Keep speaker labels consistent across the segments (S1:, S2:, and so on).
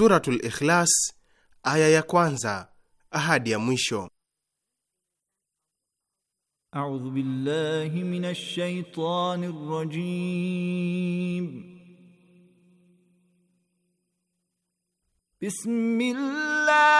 S1: Suratul Ikhlas aya ya kwanza ahadi ya
S2: mwisho. A'udhu billahi minash shaitanir rajim. Bismillah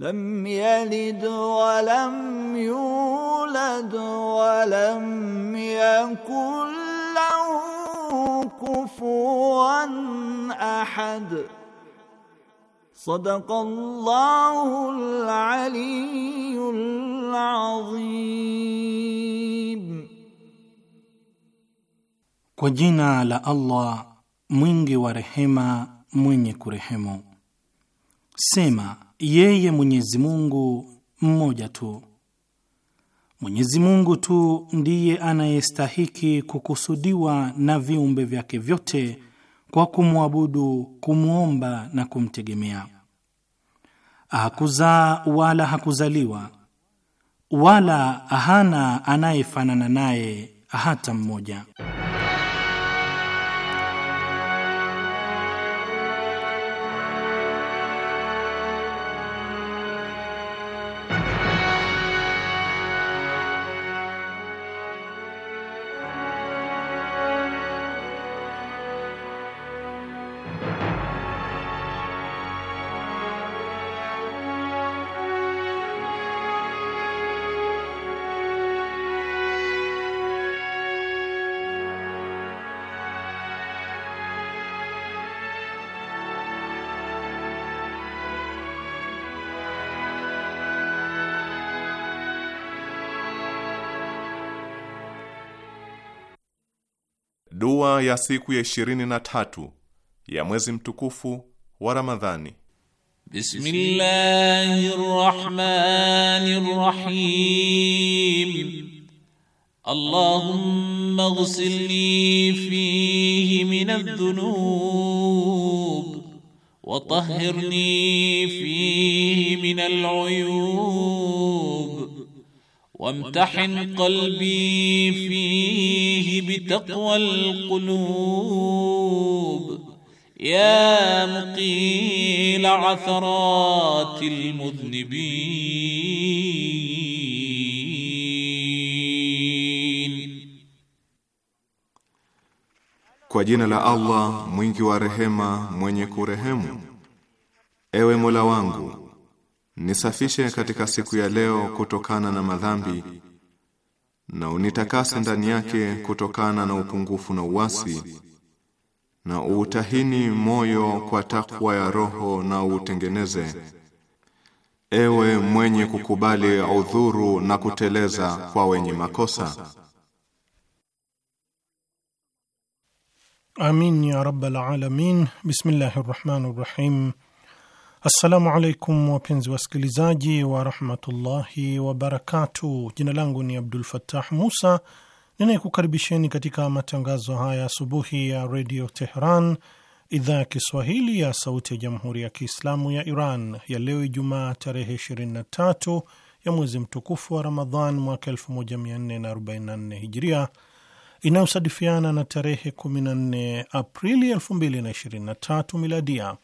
S2: لم يلد ولم يولد ولم يكن له كفوا احد صدق الله العلي العظيم
S1: وجينا لالله مينغي ورحمه مينيك رحمه سِمَةً yeye Mwenyezi Mungu mmoja tu. Mwenyezi Mungu tu ndiye anayestahiki kukusudiwa na viumbe vyake vyote kwa kumwabudu, kumwomba na kumtegemea. Hakuzaa wala hakuzaliwa wala hana anayefanana naye hata mmoja.
S3: Ijumaa ya siku ya ishirini na tatu ya mwezi mtukufu wa Ramadhani. Bismillahir
S2: Rahmanir Rahim. Allahumma ighsilni fihi min adh-dhunub wa tahhirni fihi min al-uyub wamtahin qalbi fihi bitaqwa alqulub ya muqil atharat almudhnibin,
S4: kwa jina la Allah mwingi wa rehema mwenye kurehemu. Ewe Mola wangu Nisafishe katika siku ya leo kutokana na madhambi na unitakase ndani yake kutokana na upungufu na uasi na uutahini moyo kwa takwa ya roho na uutengeneze ewe mwenye kukubali udhuru na kuteleza kwa wenye makosa
S1: Amin ya rabbal alamin bismillahir rahmanir rahim Assalamu alaikum wapenzi wasikilizaji warahmatullahi wabarakatu Jina langu ni Abdul Fattah Musa ninayekukaribisheni katika matangazo haya asubuhi ya Redio Tehran, idhaa ya Kiswahili ya sauti ya Jamhuri ya Kiislamu ya Iran ya leo Ijumaa tarehe 23 ya mwezi mtukufu wa Ramadhan mwaka 1444 Hijria inayosadifiana na tarehe 14 Aprili 2023 Miladia.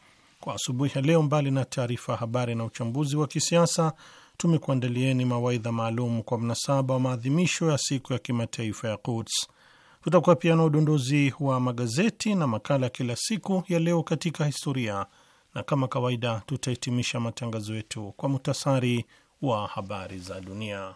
S1: Kwa asubuhi ya leo, mbali na taarifa ya habari na uchambuzi wa kisiasa, tumekuandalieni mawaidha maalum kwa mnasaba wa maadhimisho ya siku ya kimataifa ya Quds. Tutakuwa pia na udondozi wa magazeti na makala ya kila siku ya leo katika historia, na kama kawaida tutahitimisha matangazo yetu kwa muhtasari wa habari za dunia.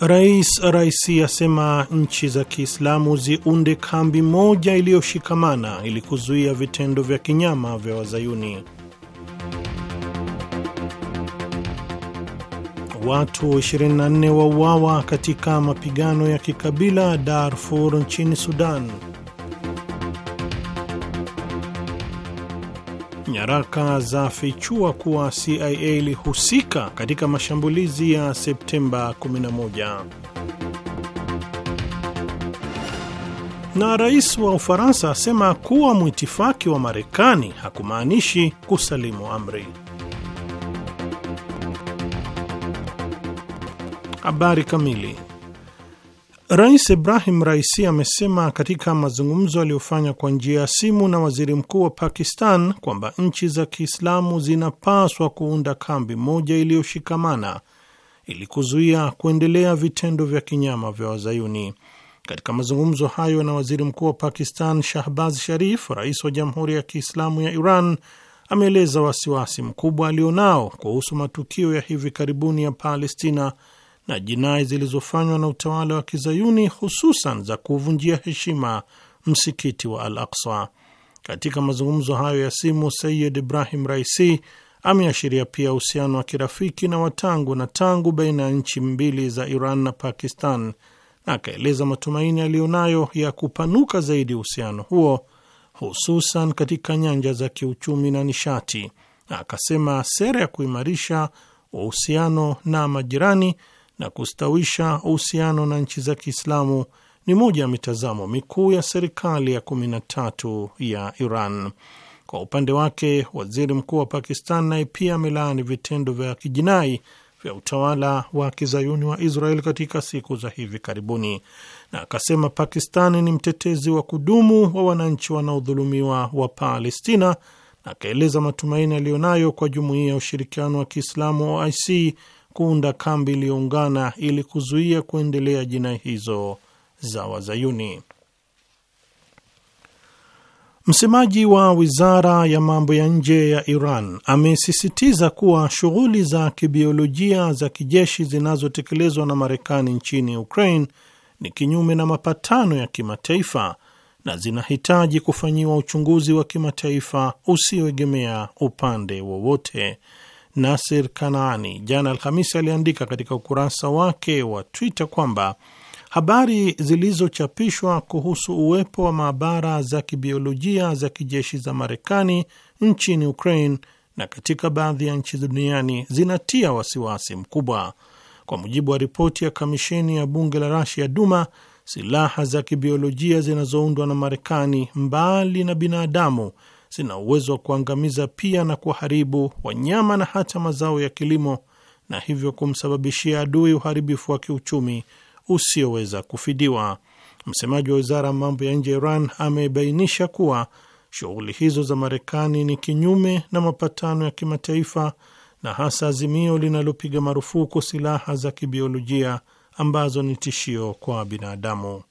S1: Rais Raisi asema nchi za Kiislamu ziunde kambi moja iliyoshikamana ili kuzuia vitendo vya kinyama vya Wazayuni. Watu 24 wauawa katika mapigano ya kikabila Darfur nchini Sudan. nyaraka za fichua kuwa CIA ilihusika katika mashambulizi ya Septemba 11. Na rais wa Ufaransa asema kuwa mwitifaki wa Marekani hakumaanishi kusalimu amri. Habari kamili Rais Ibrahim Raisi amesema katika mazungumzo aliyofanya kwa njia ya simu na waziri mkuu wa Pakistan kwamba nchi za Kiislamu zinapaswa kuunda kambi moja iliyoshikamana ili kuzuia kuendelea vitendo vya kinyama vya Wazayuni. Katika mazungumzo hayo na waziri mkuu wa Pakistan Shahbaz Sharif, rais wa Jamhuri ya Kiislamu ya Iran ameeleza wasiwasi mkubwa alionao kuhusu matukio ya hivi karibuni ya Palestina na jinai zilizofanywa na utawala wa kizayuni hususan za kuvunjia heshima msikiti wa Al Aksa. Katika mazungumzo hayo ya simu, Sayid Ibrahim Raisi ameashiria pia uhusiano wa kirafiki na watangu na tangu baina ya nchi mbili za Iran na Pakistan, na akaeleza matumaini aliyonayo ya kupanuka zaidi uhusiano huo hususan katika nyanja za kiuchumi na nishati, na akasema sera ya kuimarisha uhusiano na majirani na kustawisha uhusiano na nchi za Kiislamu ni moja ya mitazamo mikuu ya serikali ya 13 ya Iran. Kwa upande wake, waziri mkuu wa Pakistan naye pia amelaani vitendo vya kijinai vya utawala wa kizayuni wa Israel katika siku za hivi karibuni, na akasema Pakistani ni mtetezi wa kudumu wa wananchi wanaodhulumiwa wa Palestina, na akaeleza matumaini aliyonayo kwa Jumuiya ya Ushirikiano wa Kiislamu OIC kuunda kambi iliyoungana ili kuzuia kuendelea jinai hizo za Wazayuni. Msemaji wa wizara ya mambo ya nje ya Iran amesisitiza kuwa shughuli za kibiolojia za kijeshi zinazotekelezwa na Marekani nchini Ukraine ni kinyume na mapatano ya kimataifa na zinahitaji kufanyiwa uchunguzi wa kimataifa usioegemea upande wowote. Nasir Kanaani jana Alhamisi aliandika katika ukurasa wake wa Twitter kwamba habari zilizochapishwa kuhusu uwepo wa maabara za kibiolojia za kijeshi za Marekani nchini Ukraine na katika baadhi ya nchi duniani zinatia wasiwasi mkubwa. Kwa mujibu wa ripoti ya kamisheni ya bunge la Rasia, Duma, silaha za kibiolojia zinazoundwa na Marekani, mbali na binadamu, zina uwezo wa kuangamiza pia na kuharibu wanyama na hata mazao ya kilimo, na hivyo kumsababishia adui uharibifu wa kiuchumi usioweza kufidiwa. Msemaji wa wizara ya mambo ya nje ya Iran amebainisha kuwa shughuli hizo za Marekani ni kinyume na mapatano ya kimataifa na hasa azimio linalopiga marufuku silaha za kibiolojia ambazo ni tishio kwa binadamu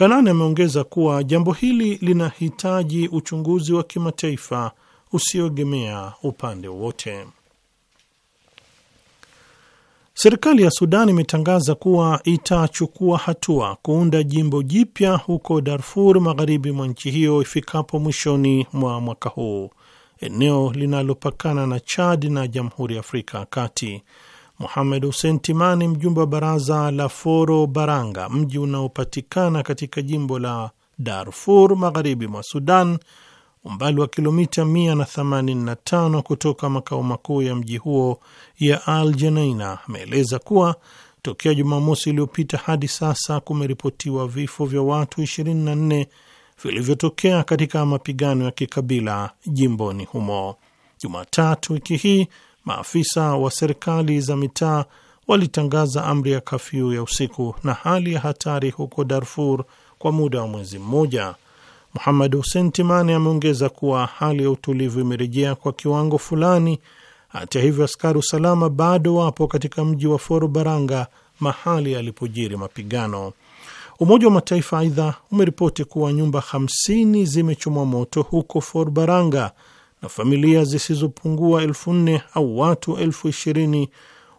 S1: kanani ameongeza kuwa jambo hili linahitaji uchunguzi wa kimataifa usioegemea upande wowote. Serikali ya Sudan imetangaza kuwa itachukua hatua kuunda jimbo jipya huko Darfur, magharibi mwa nchi hiyo, ifikapo mwishoni mwa mwaka huu, eneo linalopakana na Chad na Jamhuri ya Afrika ya Kati. Muhamed hussein Timani, mjumbe wa baraza la Foro Baranga, mji unaopatikana katika jimbo la Darfur magharibi mwa Sudan, umbali wa kilomita 185 kutoka makao makuu ya mji huo ya Al Janaina, ameeleza kuwa tokea Jumamosi iliyopita hadi sasa kumeripotiwa vifo vya watu 24 vilivyotokea katika mapigano ya kikabila jimboni humo. Jumatatu wiki hii maafisa wa serikali za mitaa walitangaza amri ya kafyu ya usiku na hali ya hatari huko Darfur kwa muda wa mwezi mmoja. Muhammad Hussein Timani ameongeza kuwa hali ya utulivu imerejea kwa kiwango fulani. Hata hivyo, askari usalama bado wapo katika mji wa Forbaranga, mahali alipojiri mapigano. Umoja wa Mataifa aidha umeripoti kuwa nyumba 50 zimechomwa moto huko Forbaranga na familia zisizopungua elfu nne au watu elfu ishirini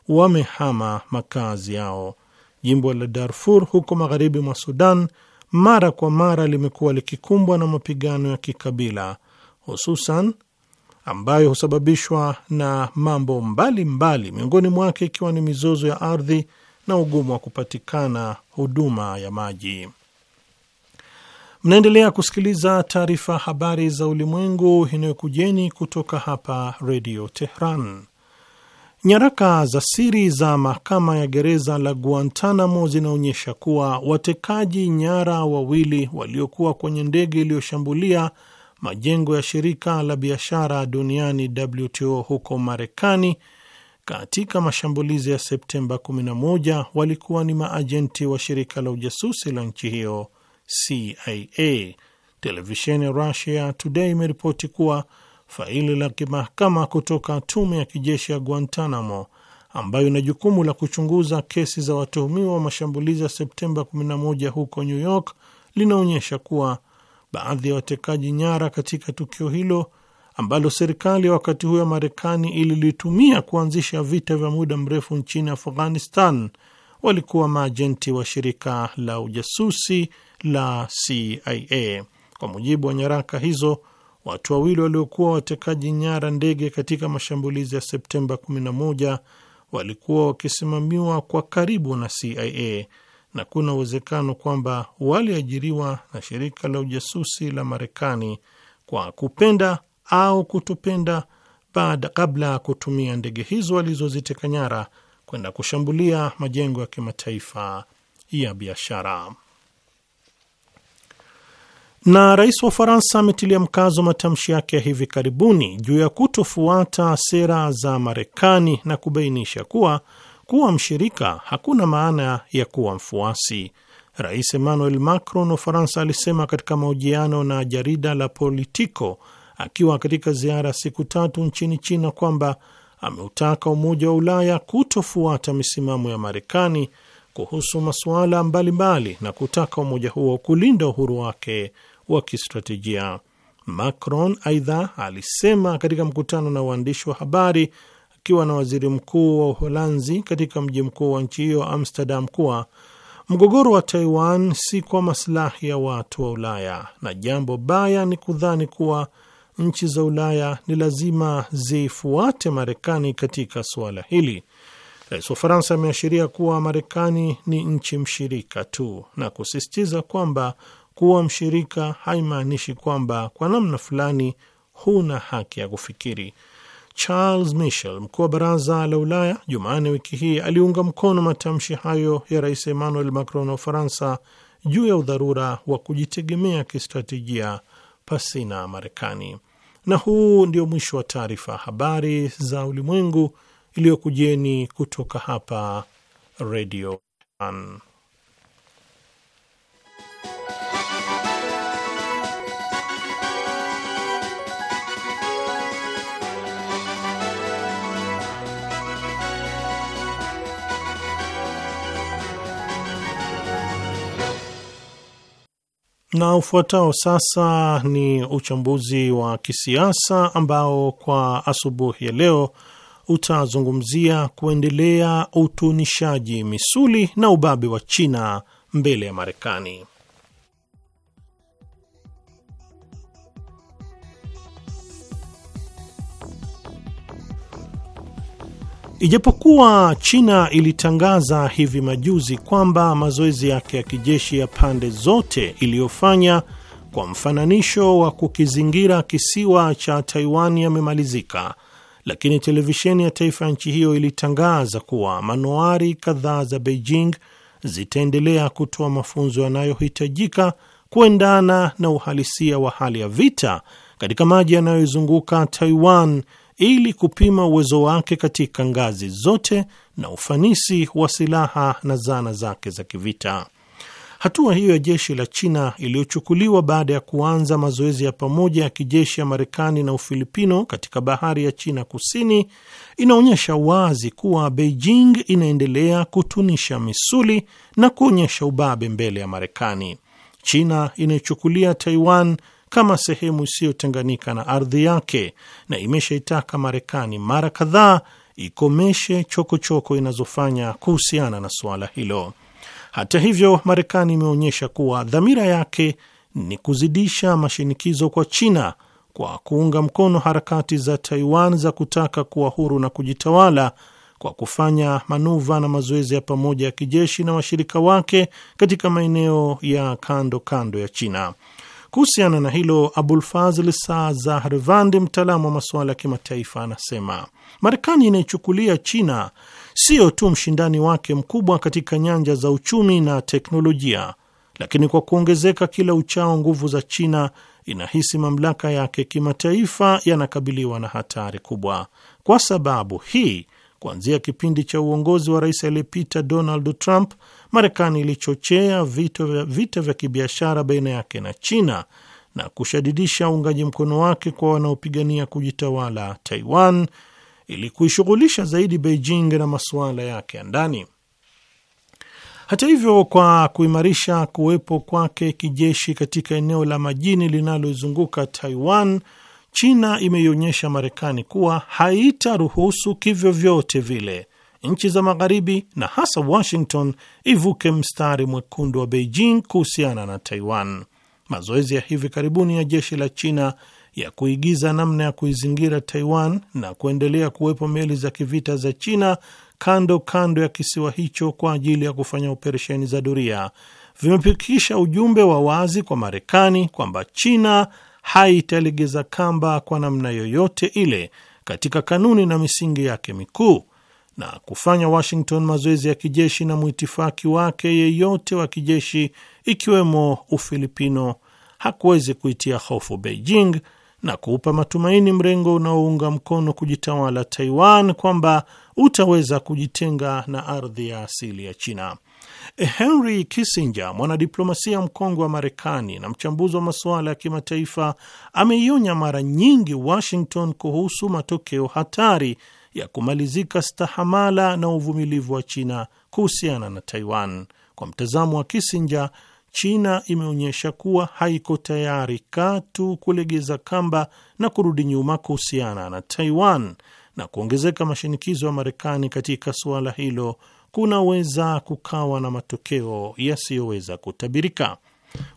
S1: wamehama makazi yao. Jimbo la Darfur huko magharibi mwa Sudan mara kwa mara limekuwa likikumbwa na mapigano ya kikabila, hususan ambayo husababishwa na mambo mbalimbali, miongoni mwake ikiwa ni mizozo ya ardhi na ugumu wa kupatikana huduma ya maji. Mnaendelea kusikiliza taarifa habari za ulimwengu inayokujeni kutoka hapa redio Tehran. Nyaraka za siri za mahakama ya gereza la Guantanamo zinaonyesha kuwa watekaji nyara wawili waliokuwa kwenye ndege iliyoshambulia majengo ya shirika la biashara duniani WTO huko Marekani katika mashambulizi ya Septemba 11 walikuwa ni maajenti wa shirika la ujasusi la nchi hiyo CIA. Televisheni ya Russia Today imeripoti kuwa faili la kimahakama kutoka tume ya kijeshi ya Guantanamo ambayo ina jukumu la kuchunguza kesi za watuhumiwa wa mashambulizi ya Septemba 11 huko New York linaonyesha kuwa baadhi ya watekaji nyara katika tukio hilo ambalo serikali ya wakati huo ya Marekani ililitumia kuanzisha vita vya muda mrefu nchini Afghanistan walikuwa maajenti wa shirika la ujasusi la CIA. Kwa mujibu wa nyaraka hizo, watu wawili waliokuwa watekaji nyara ndege katika mashambulizi ya Septemba 11 walikuwa wakisimamiwa kwa karibu na CIA na kuna uwezekano kwamba waliajiriwa na shirika la ujasusi la Marekani kwa kupenda au kutopenda, baada kabla ya kutumia ndege hizo walizoziteka nyara kwenda kushambulia majengo ya kimataifa ya biashara. Na rais wa Ufaransa ametilia mkazo matamshi yake ya hivi karibuni juu ya kutofuata sera za Marekani na kubainisha kuwa kuwa mshirika hakuna maana ya kuwa mfuasi. Rais Emmanuel Macron wa Ufaransa alisema katika mahojiano na jarida la Politico akiwa katika ziara ya siku tatu nchini China kwamba ameutaka Umoja wa Ulaya kutofuata misimamo ya Marekani kuhusu masuala mbalimbali na kutaka umoja huo kulinda uhuru wake wa kistratejia. Macron aidha alisema katika mkutano na waandishi wa habari akiwa na waziri mkuu wa Uholanzi katika mji mkuu wa nchi hiyo Amsterdam kuwa mgogoro wa Taiwan si kwa maslahi ya watu wa Ulaya na jambo baya ni kudhani kuwa nchi za Ulaya ni lazima zifuate Marekani katika suala hili. Rais wa faransa ameashiria kuwa Marekani ni nchi mshirika tu na kusisitiza kwamba kuwa mshirika haimaanishi kwamba kwa namna fulani huna haki ya kufikiri. Charles Michel, mkuu wa baraza la Ulaya, Jumanne wiki hii aliunga mkono matamshi hayo ya Rais Emmanuel Macron wa Ufaransa juu ya udharura wa kujitegemea kistratejia pasina Marekani. Na huu ndio mwisho wa taarifa habari za ulimwengu iliyokujeni kutoka hapa Radio Na ufuatao sasa ni uchambuzi wa kisiasa ambao kwa asubuhi ya leo utazungumzia kuendelea utunishaji misuli na ubabe wa China mbele ya Marekani. Ijapokuwa China ilitangaza hivi majuzi kwamba mazoezi yake ya kijeshi ya pande zote iliyofanya kwa mfananisho wa kukizingira kisiwa cha Taiwan yamemalizika, lakini televisheni ya taifa ya nchi hiyo ilitangaza kuwa manowari kadhaa za Beijing zitaendelea kutoa mafunzo yanayohitajika kuendana na uhalisia wa hali ya vita katika maji yanayozunguka Taiwan ili kupima uwezo wake katika ngazi zote na ufanisi wa silaha na zana zake za kivita. Hatua hiyo ya jeshi la China iliyochukuliwa baada ya kuanza mazoezi ya pamoja ya kijeshi ya Marekani na Ufilipino katika bahari ya China Kusini inaonyesha wazi kuwa Beijing inaendelea kutunisha misuli na kuonyesha ubabe mbele ya Marekani. China inayochukulia Taiwan kama sehemu isiyotenganika na ardhi yake na imeshaitaka Marekani mara kadhaa ikomeshe chokochoko inazofanya kuhusiana na suala hilo. Hata hivyo, Marekani imeonyesha kuwa dhamira yake ni kuzidisha mashinikizo kwa China kwa kuunga mkono harakati za Taiwan za kutaka kuwa huru na kujitawala kwa kufanya manuva na mazoezi ya pamoja ya kijeshi na washirika wake katika maeneo ya kando kando ya China. Kuhusiana na hilo, Abulfazl Sa Zahrvand, mtaalamu wa masuala ya kimataifa, anasema Marekani inaichukulia China siyo tu mshindani wake mkubwa katika nyanja za uchumi na teknolojia, lakini kwa kuongezeka kila uchao nguvu za China inahisi mamlaka yake kimataifa yanakabiliwa na hatari kubwa. Kwa sababu hii, kuanzia kipindi cha uongozi wa rais aliyepita Donald Trump Marekani ilichochea vita vya kibiashara baina yake na China na kushadidisha uungaji mkono wake kwa wanaopigania kujitawala Taiwan ili kuishughulisha zaidi Beijing na masuala yake ya ndani. Hata hivyo, kwa kuimarisha kuwepo kwake kijeshi katika eneo la majini linaloizunguka Taiwan, China imeionyesha Marekani kuwa haitaruhusu kivyovyote vile nchi za Magharibi na hasa Washington ivuke mstari mwekundu wa Beijing kuhusiana na Taiwan. Mazoezi ya hivi karibuni ya jeshi la China ya kuigiza namna ya kuizingira Taiwan na kuendelea kuwepo meli za kivita za China kando kando ya kisiwa hicho kwa ajili ya kufanya operesheni za doria vimepikisha ujumbe wa wazi kwa Marekani kwamba China haitalegeza kamba kwa namna yoyote ile katika kanuni na misingi yake mikuu na kufanya Washington mazoezi ya kijeshi na mwitifaki wake yeyote wa kijeshi ikiwemo Ufilipino hakuwezi kuitia hofu Beijing na kuupa matumaini mrengo unaounga mkono kujitawala Taiwan kwamba utaweza kujitenga na ardhi ya asili ya China. Henry Kissinger, mwanadiplomasia mkongwe wa Marekani na mchambuzi wa masuala ya kimataifa, ameionya mara nyingi Washington kuhusu matokeo hatari ya kumalizika stahamala na uvumilivu wa China kuhusiana na Taiwan. Kwa mtazamo wa kisinja China imeonyesha kuwa haiko tayari katu kulegeza kamba na kurudi nyuma kuhusiana na Taiwan, na kuongezeka mashinikizo ya Marekani katika suala hilo kunaweza kukawa na matokeo yasiyoweza kutabirika.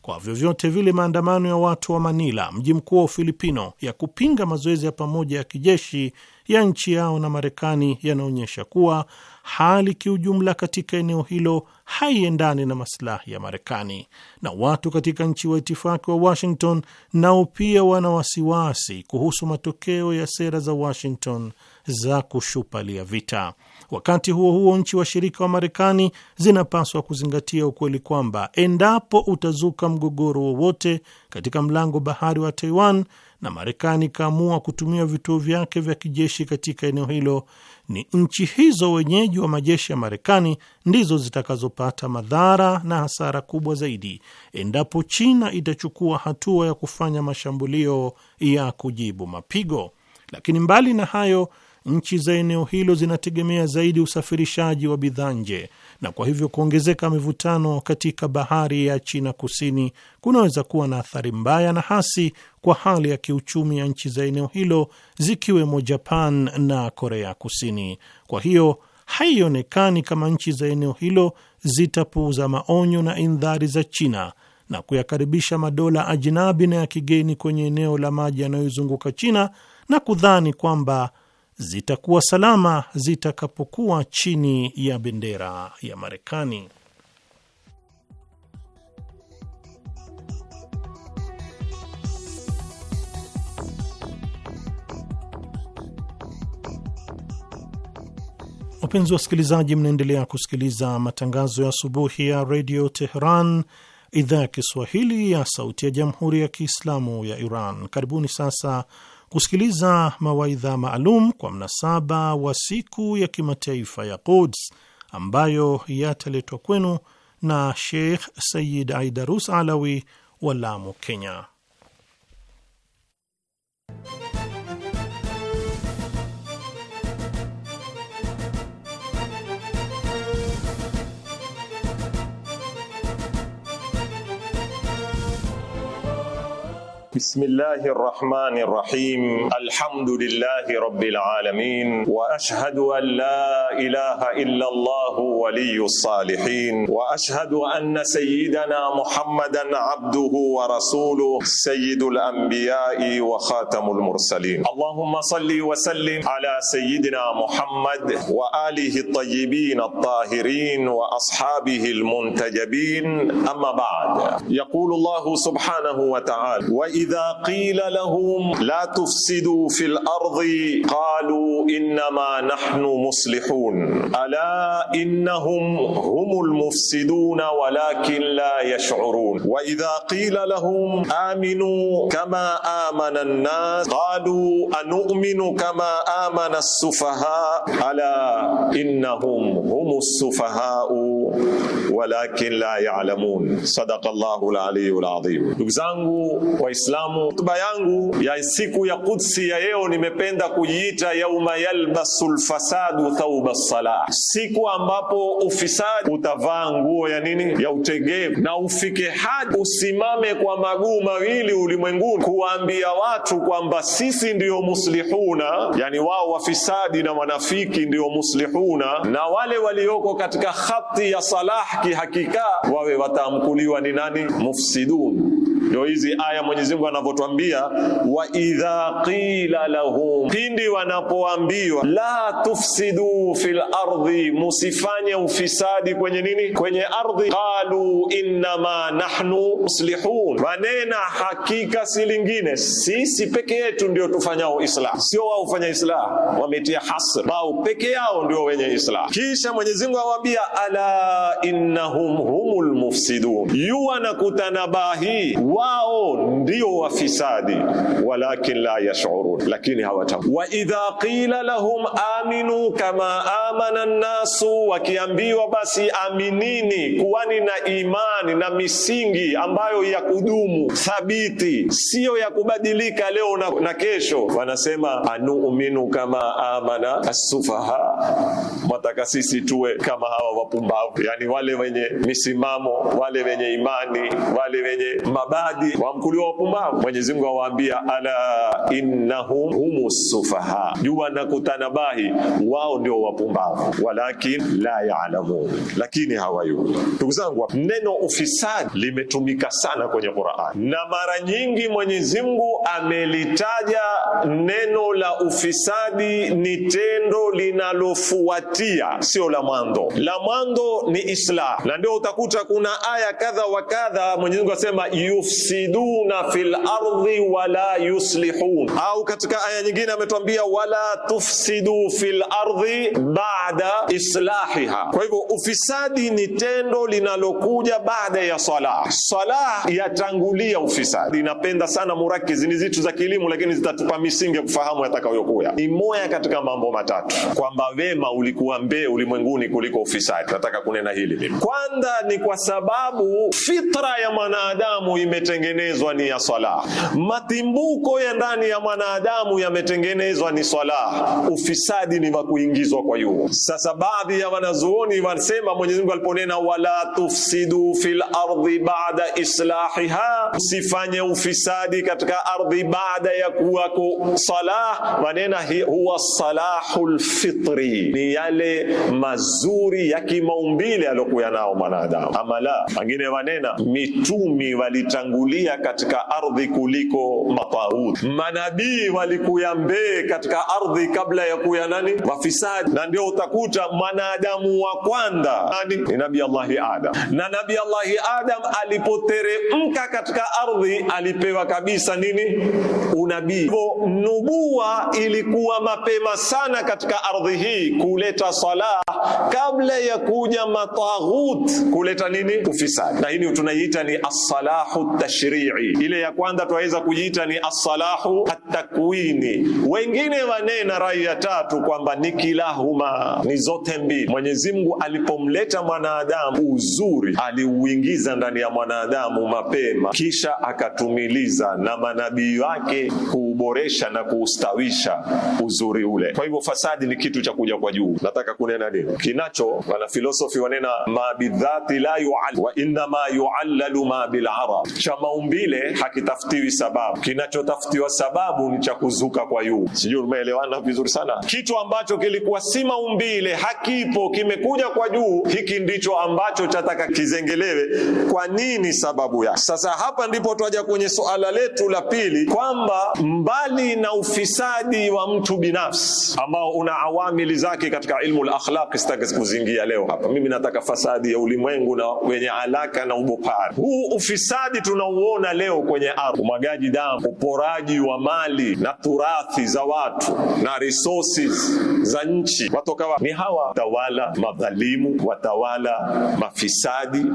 S1: Kwa vyovyote vile, maandamano ya watu wa Manila, mji mkuu wa Ufilipino, ya kupinga mazoezi ya pamoja ya kijeshi ya nchi yao na Marekani yanaonyesha kuwa hali kiujumla katika eneo hilo haiendani na masilahi ya Marekani, na watu katika nchi wa itifaki wa Washington nao pia wana wasiwasi kuhusu matokeo ya sera za Washington za kushupalia vita. Wakati huo huo, nchi washirika wa Marekani zinapaswa kuzingatia ukweli kwamba endapo utazuka mgogoro wowote katika mlango bahari wa Taiwan na Marekani ikaamua kutumia vituo vyake vya kijeshi katika eneo hilo, ni nchi hizo wenyeji wa majeshi ya Marekani ndizo zitakazopata madhara na hasara kubwa zaidi endapo China itachukua hatua ya kufanya mashambulio ya kujibu mapigo. Lakini mbali na hayo, nchi za eneo hilo zinategemea zaidi usafirishaji wa bidhaa nje, na kwa hivyo kuongezeka mivutano katika bahari ya China kusini kunaweza kuwa na athari mbaya na hasi kwa hali ya kiuchumi ya nchi za eneo hilo zikiwemo Japan na Korea Kusini. Kwa hiyo haionekani kama nchi za eneo hilo zitapuuza maonyo na indhari za China na kuyakaribisha madola ajinabi na ya kigeni kwenye eneo la maji yanayozunguka China na kudhani kwamba zitakuwa salama zitakapokuwa chini ya bendera ya Marekani. wapenzi wasikilizaji, mnaendelea kusikiliza matangazo ya asubuhi ya redio Teheran, idhaa ya Kiswahili ya sauti ya jamhuri ya Kiislamu ya Iran. Karibuni sasa kusikiliza mawaidha maalum kwa mnasaba wa siku ya kimataifa ya Quds ambayo yataletwa kwenu na Sheikh Sayid Aidarus Alawi wa Lamu, Kenya.
S3: بسم الله الرحمن الرحيم الحمد لله رب العالمين واشهد ان لا اله الا الله ولي الصالحين واشهد ان سيدنا محمدا عبده ورسوله سيد الانبياء وخاتم المرسلين اللهم صل وسلم على سيدنا محمد واله الطيبين الطاهرين واصحابه المنتجبين اما بعد يقول الله سبحانه وتعالى إذا قيل لهم لا تفسدوا في الارض قالوا انما نحن مصلحون الا انهم هم المفسدون ولكن لا يشعرون واذا قيل لهم امنوا كما امن الناس قالوا انؤمن كما امن السفهاء الا انهم هم السفهاء walakin la ya'lamun. Sadaqa Allahu adhim. Ndugu zangu Waislamu, hutuba yangu ya siku ya Qudsi ya leo nimependa kujiita yauma yalbasul fasadu thauba salah, siku ambapo ufisadi utavaa nguo ya nini? Ya utegevu. Na ufike hadi usimame kwa maguu mawili ulimwenguni kuwaambia watu kwamba sisi ndiyo muslihuna, yani wao wafisadi na wanafiki ndiyo muslihuna, na wale walioko katika khati ya salah kihakika wawe watamkuliwa ni nani? Mufsidun, ndio hizi aya Mwenyezi Mungu anavyotuambia, wa idha qila lahum, pindi wanapoambiwa, la tufsidu fil ardi, musifanye ufisadi kwenye nini? Kwenye ardhi. Qalu innama nahnu muslihun, wanena hakika si lingine, sisi peke yetu ndio tufanyao islah, sio wao ufanya islah. Wametia hasr, bao peke yao ndio wenye islah. Kisha Mwenyezi Mungu awaambia, ala innahum humul mufsidun, yu anakutana bahi wao ndio wafisadi, walakin la yashurun, lakini hawatambui. Wa idha qila lahum aminu kama amana nnasu, wakiambiwa basi aminini, kuwani na imani na misingi ambayo ya kudumu thabiti, siyo ya kubadilika leo na, na kesho. Wanasema anuminu kama amana asufaha, mataka sisi tuwe kama hawa wapumbavu, yani wale wenye misimamo, wale wenye imani, wale wenye mabaya ufisadi wa mkulio wa pumbavu. Mwenyezi Mungu awaambia, ala innahum humu sufaha, jua na kutanabahi, wao ndio wapumbavu, walakin la ya'lamun, lakini hawayui. Ndugu zangu, neno ufisadi limetumika sana kwenye Qur'an na mara nyingi Mwenyezi Mungu amelitaja neno la ufisadi ni tendo linalofuatia, sio la mwanzo. La mwanzo ni islah, na ndio utakuta kuna aya kadha wa kadha Mwenyezi Mungu asema yu yufsiduna fil ardi wala yuslihun, au katika aya nyingine ametuambia wala tufsidu fil ardi baada islahiha. Kwa hivyo ufisadi ni tendo linalokuja baada ya salah. Salah yatangulia ufisadi. inapenda sana murakizi, ni zitu za kilimu lakini zitatupa misingi ya kufahamu yatakayokuya. Ni moya katika mambo matatu, kwamba wema ulikuwa mbee ulimwenguni kuliko ufisadi. Nataka kunena hili mimi. Kwanza ni kwa sababu fitra ya mwanadamu ime imetengenezwa ni ya swala. Matimbuko ya ndani ya mwanadamu yametengenezwa ni swala. Ufisadi ni wa kuingizwa kwa yuo. Sasa baadhi ya wanazuoni wanasema Mwenyezi Mungu aliponena wala tufsidu fil ardi baada islahiha, sifanye ufisadi katika ardhi baada ya kuwako salah. wanena huwa salahul fitri, ni yale mazuri ya kimaumbile aliyokuwa nao mwanadamu. Amala wengine wanena mitumi walita kutangulia katika ardhi kuliko matawuti. Manabii walikuya mbee katika ardhi kabla ya kuya nani wafisadi, na ndio utakuta mwanadamu wa kwanza nani ni Nabii Allahi Adam. Na Nabii Allahi Adam alipoteremka katika ardhi alipewa kabisa nini? Unabii. Hivyo nubua ilikuwa mapema sana katika ardhi hii kuleta sala kabla ya kuja matahut kuleta nini? Ufisadi. Na hii tunaiita ni as-salahu tashrii. Ile ya kwanza twaweza kujiita ni asalahu atakwini, wengine wanena rai ya tatu kwamba ni kilahuma, ni zote mbili. Mwenyezi Mungu alipomleta mwanadamu uzuri aliuingiza ndani ya mwanadamu mapema, kisha akatumiliza na manabii wake kuuboresha na kuustawisha uzuri ule. Kwa hivyo fasadi ni kitu cha kuja kwa juu. Nataka kunena nini kinacho, wanafilosofi wanena ma bidhati la yu'al wa inna ma yu'allalu ma bil cha maumbile hakitafutiwi sababu, kinachotafutiwa sababu ni cha kuzuka kwa yuu. Sijui umeelewana vizuri sana. Kitu ambacho kilikuwa si maumbile, hakipo, kimekuja kwa juu, hiki ndicho ambacho chataka kizengelewe. Kwa nini? Sababu yake. Sasa hapa ndipo twaja kwenye suala letu la pili, kwamba mbali na ufisadi wa mtu binafsi ambao una awamili zake katika ilmu lakhlaqi, sitaki kuzingia leo hapa. Mimi nataka fasadi ya ulimwengu na wenye alaka na ubopari huu ufisadi tu tunauona leo kwenye ardhi, umwagaji damu, uporaji wa mali na turathi za watu na resources za nchi, watoka wa, ni hawa watawala madhalimu, watawala mafisadi,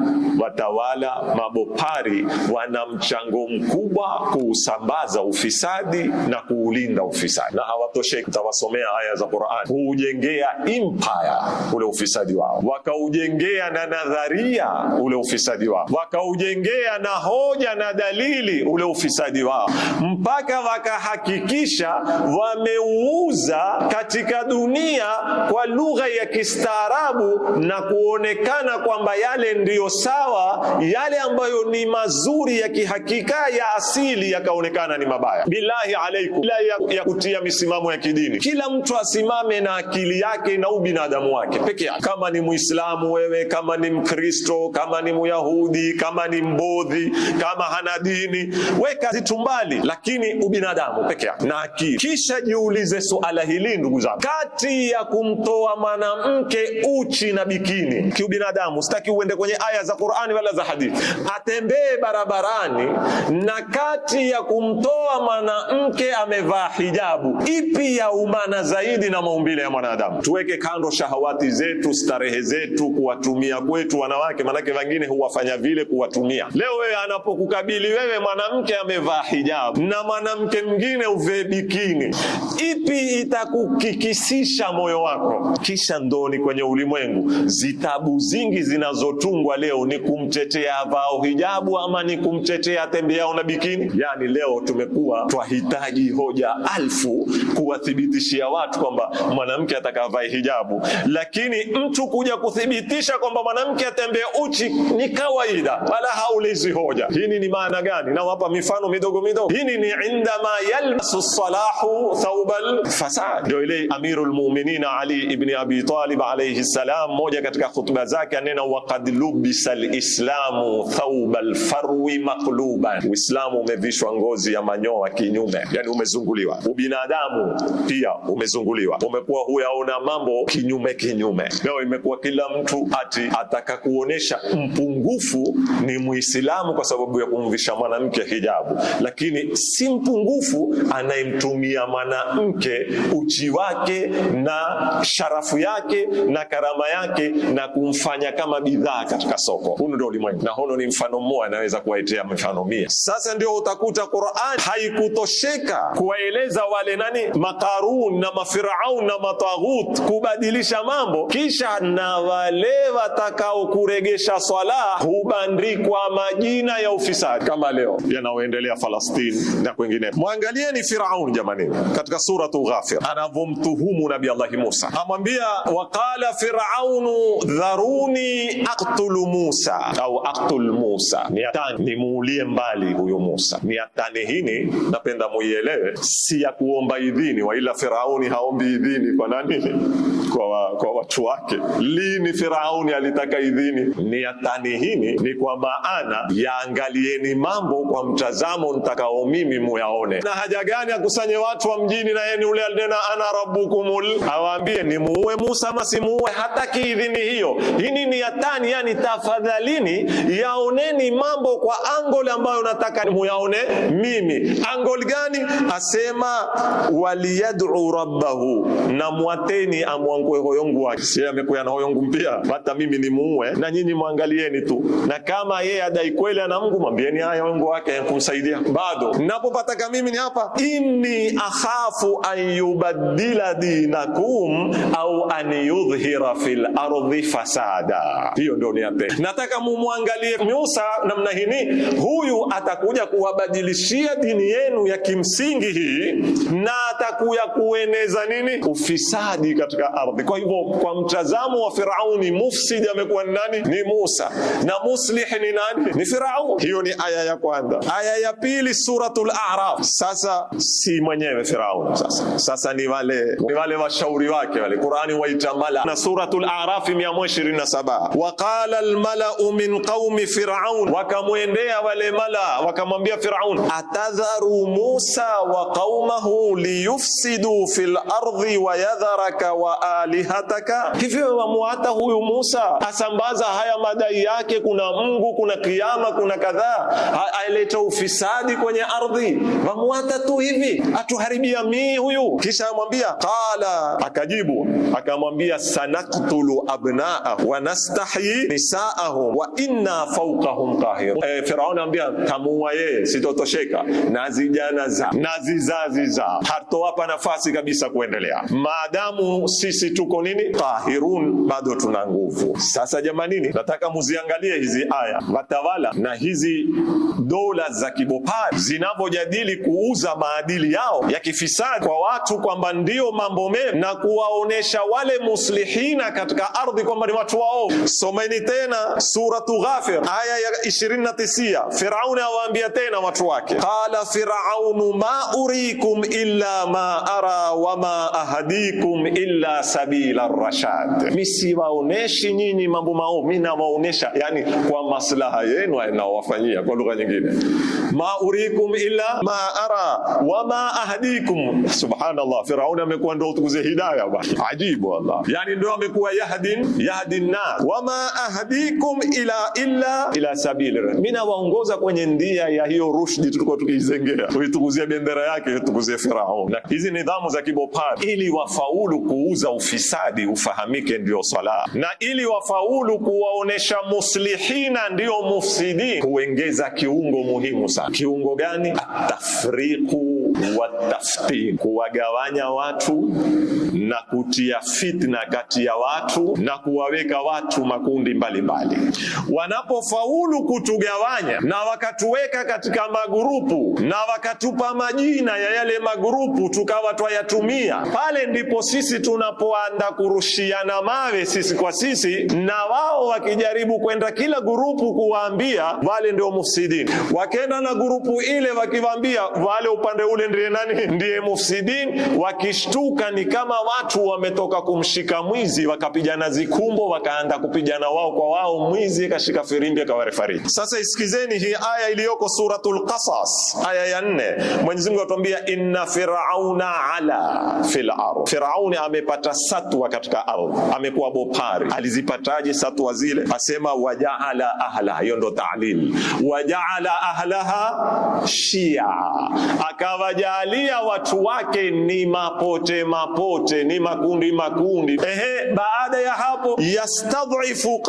S3: watawala mabopari, wana mchango mkubwa kuusambaza ufisadi na kuulinda ufisadi, na hawatosheki. Tawasomea aya za Qur'an, huujengea empire ule ufisadi wao, wakaujengea na nadharia ule ufisadi wao, wakaujengea na ho pamoja na dalili ule ufisadi wao, mpaka wakahakikisha wameuuza katika dunia kwa lugha ya kistaarabu na kuonekana kwamba yale ndiyo sawa, yale ambayo ni mazuri ya kihakika ya asili yakaonekana ni mabaya. Billahi alaikum, bila ya, ya kutia misimamo ya kidini, kila mtu asimame na akili yake na ubinadamu wake peke yake. Kama ni Muislamu wewe, kama ni Mkristo, kama ni Myahudi, kama ni Mbodhi, kama hana dini, weka zitu mbali, lakini ubinadamu peke yake na akili. Kisha jiulize suala hili ndugu zangu, kati ya kumtoa mwanamke uchi na bikini kiubinadamu, sitaki uende kwenye aya za Qur'ani wala za hadithi, atembee barabarani, na kati ya kumtoa mwanamke amevaa hijabu, ipi ya umana zaidi na maumbile ya mwanadamu? Tuweke kando shahawati zetu, starehe zetu, kuwatumia kwetu wanawake, manake wengine huwafanya vile kuwatumia. Leo wewe anapo inapokukabili wewe mwanamke amevaa hijabu na mwanamke mwingine uvee bikini, ipi itakukikisisha moyo wako? Kisha ni kwenye ulimwengu, zitabu zingi zinazotungwa leo ni kumtetea avao hijabu ama ni kumtetea tembeao na bikini. Yani leo tumekuwa twahitaji hoja alfu kuwathibitishia watu kwamba mwanamke atakavaa hijabu, lakini mtu kuja kuthibitisha kwamba mwanamke atembee uchi ni kawaida, wala haulizi hoja hini ni maana gani? Na wapa mifano midogo midogo. hini ni indama yalbasu salahu thawbal fasad. Ndio ile Amirul Mu'minin Ali ibn Abi Talib alayhi salam, moja katika khutba zake anena wa qad lubisa alislamu thawbal farwi maqluban. Uislamu umevishwa ngozi ya manyoa kinyume, yani umezunguliwa. Ubinadamu pia umezunguliwa. Umekuwa huyaona mambo kinyume kinyume. Leo imekuwa kila mtu ati ataka kuonesha mpungufu ni Muislamu kwa sababu sababu ya kumvisha mwanamke hijabu, lakini si mpungufu anayemtumia mwanamke uchi wake na sharafu yake na karama yake na kumfanya kama bidhaa katika soko. Huu ndio ulimwengu, na huno ni mfano mmoja, anaweza kuwaitea mifano mia. Sasa ndio utakuta Qur'an haikutosheka kuwaeleza wale nani makarun na mafiraun na matagut kubadilisha mambo, kisha na wale watakaokuregesha swala hubandikwa majina ya ya ufisadi kama leo yanayoendelea Falastini na kwingine. Mwangalieni Firaun jamani, katika Suratu Ghafir anavyomtuhumu Nabi Allahi Musa, amwambia waqala firaunu dharuni aktulu Musa au aktul Musa, niatani nimuulie mbali huyu Musa. Niatani hini napenda muielewe, si ya kuomba idhini, waila Firauni haombi idhini kwa nani? Kwa, wa, kwa watu wake. Lini Firauni alitaka idhini? Niatani hini ni kwa maana yang angalieni mambo kwa mtazamo nitakao mimi muyaone. Na haja gani akusanye watu wa mjini na yeye ni ule alinena ana rabbukumul, awaambie ni muue Musa ama simuue, hataki idhini hiyo. Hii ni yatani, yani tafadhalini yaoneni mambo kwa angol ambayo nataka muyaone mimi. Angol gani? Asema waliyad'u rabbahu, na mwateni amwangue hoyongu wake. Si amekuya na hoyongu mpia, hata mimi ni muue na nyinyi mwangalieni tu, na kama yeye adai kweli ana wangu, mwambieni haya wangu wake kumsaidia bado. Napopataka mimi ni hapa, inni akhafu an yubaddila dinakum au an yudhhira fil ardi fasada. Hiyo ndio ape, nataka mumwangalie Musa namna hini, huyu atakuja kuwabadilishia dini yenu ya kimsingi hii, na atakuya kueneza nini, ufisadi katika ardhi. Kwa hivyo kwa mtazamo wa Firauni, mufsidi amekuwa nani? Ni Musa, na muslih ni nani? Ni Firauni. Hiyo ni aya ya kwanza. Aya ya pili suratul A'raf. Sasa si mwenyewe Firaun sasa, sasa ni wale ni wale washauri wake wale, Qur'ani waita mala na suratul A'raf 127 waqala almalau min qaumi Firaun, wakamwendea wale mala wakamwambia Firaun, atadharu Musa wa qaumahu liyufsidu fil ardi wa yadharaka wa alihataka, hivyo wamuata huyu Musa asambaza haya madai yake, kuna Mungu, kuna kiama, kuna kadhaa, aileta ufisadi kwenye ardhi, vamwata tu hivi, atuharibia mii huyu. Kisha amwambia qala, akajibu akamwambia sanaktulu abnaa wa nisaahum wa inna fawqahum qahir. E, Firauni anambia tamua yeye, sitotosheka na zijana za na zizazi za, hatowapa nafasi kabisa kuendelea, maadamu sisi tuko nini qahirun, bado tuna nguvu. Sasa jamanini, nataka muziangalie hizi aya watawala na hizi hizi dola za kibopari zinavyojadili kuuza maadili yao ya kifisadi kwa watu kwamba ndio mambo mema na kuwaonesha wale muslihina katika ardhi kwamba ni watu waovu. Someni tena suratu Ghafir aya ya 29. Firauni awaambia tena watu wake, qala firaunu ma urikum illa ma ara wa ma ahadikum illa sabila rashad, misiwaoneshi nyinyi mambo maovu, mimi nawaonesha yani kwa maslaha yenu na anawafanyia kwa lugha nyingine, ma urikum illa ma ara wa ma ahdikum. Subhanallah, Firauni amekuwa ndo utukuze hidaya bwana, ajibu wallah, yani ndo amekuwa yahdin yahdin na wa ma ahdikum ila illa ila sabili, mimi nawaongoza kwenye ndia ya hiyo rushdi tulikuwa tukizengea, kuitukuzia bendera yake, tukuzie Firauni. Hizi nidhamu za kibopari ili wafaulu kuuza ufisadi ufahamike, ndio sala na ili wafaulu kuwaonesha muslihina ndio mufsidin huengeza kiungo muhimu sana. Kiungo gani? Atafriku wa kuwagawanya watu na kutia fitna kati ya watu na kuwaweka watu makundi mbalimbali. Wanapofaulu kutugawanya na wakatuweka katika magurupu na wakatupa majina ya yale magurupu tukawa twayatumia, pale ndipo sisi tunapoanda kurushiana mawe sisi kwa sisi, na wao wakijaribu kwenda kila gurupu kuwaambia wale ndio mufsidini, wakenda na gurupu ile wakiwaambia wale upande ule yule ndiye nani? Ndiye mufsidin. Wakishtuka ni kama watu wametoka kumshika mwizi, wakapigana zikumbo, wakaanza kupigana wao kwa wao, mwizi kashika firimbi akawarefariji. Sasa isikizeni hii aya iliyoko Suratul Qasas, aya ya nne. Mwenyezi Mungu atuambia inna firauna ala fil ardh, Firauni amepata satwa katika ardhi, amekuwa bopari. Alizipataje satwa zile? Asema wajaala ahla, hiyo ndo ta'lil, wajaala ahlaha shia akawa akawajalia watu wake ni mapote mapote, ni makundi makundi. Ehe, baada ya hapo, yastadhifu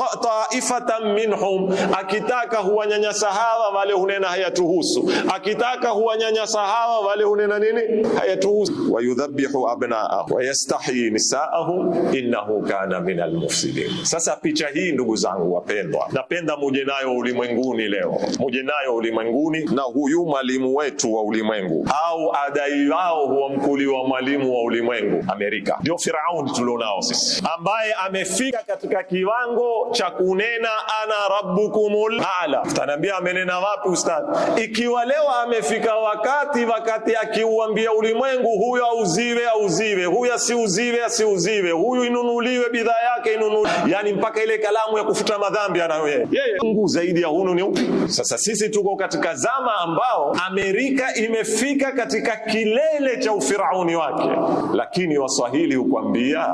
S3: taifatan minhum, akitaka huwanyanyasa hawa wale hunena hayatuhusu, akitaka huwanyanyasa hawa wale hunena nini hayatuhusu. Wayudhabihu abnaahum wayastahyi nisaahum innahu kana min almufsidin. Sasa picha hii, ndugu zangu wapendwa, napenda muje nayo ulimwenguni leo, muje nayo ulimwenguni na huyu mwalimu wetu wa ulimwengu ha au adai wao huamkuliwa mwalimu wa ulimwengu Amerika. Ndio Firauni tulionao sisi, ambaye amefika katika kiwango cha kunena ana rabbukumul aala. Utaniambia amenena wapi ustaz? Ikiwa leo amefika wakati wakati akiuambia ulimwengu huyo auziwe, auziwe, huyo asiuziwe, asiuziwe, huyu inunuliwe bidhaa yake inunuliwe, yani mpaka ile kalamu ya kufuta madhambi anayo yeye yeye, Mungu zaidi ya hunu ni upi? Sasa sisi tuko katika zama ambao Amerika imefika katika kilele cha ufirauni wake, lakini waswahili hukwambia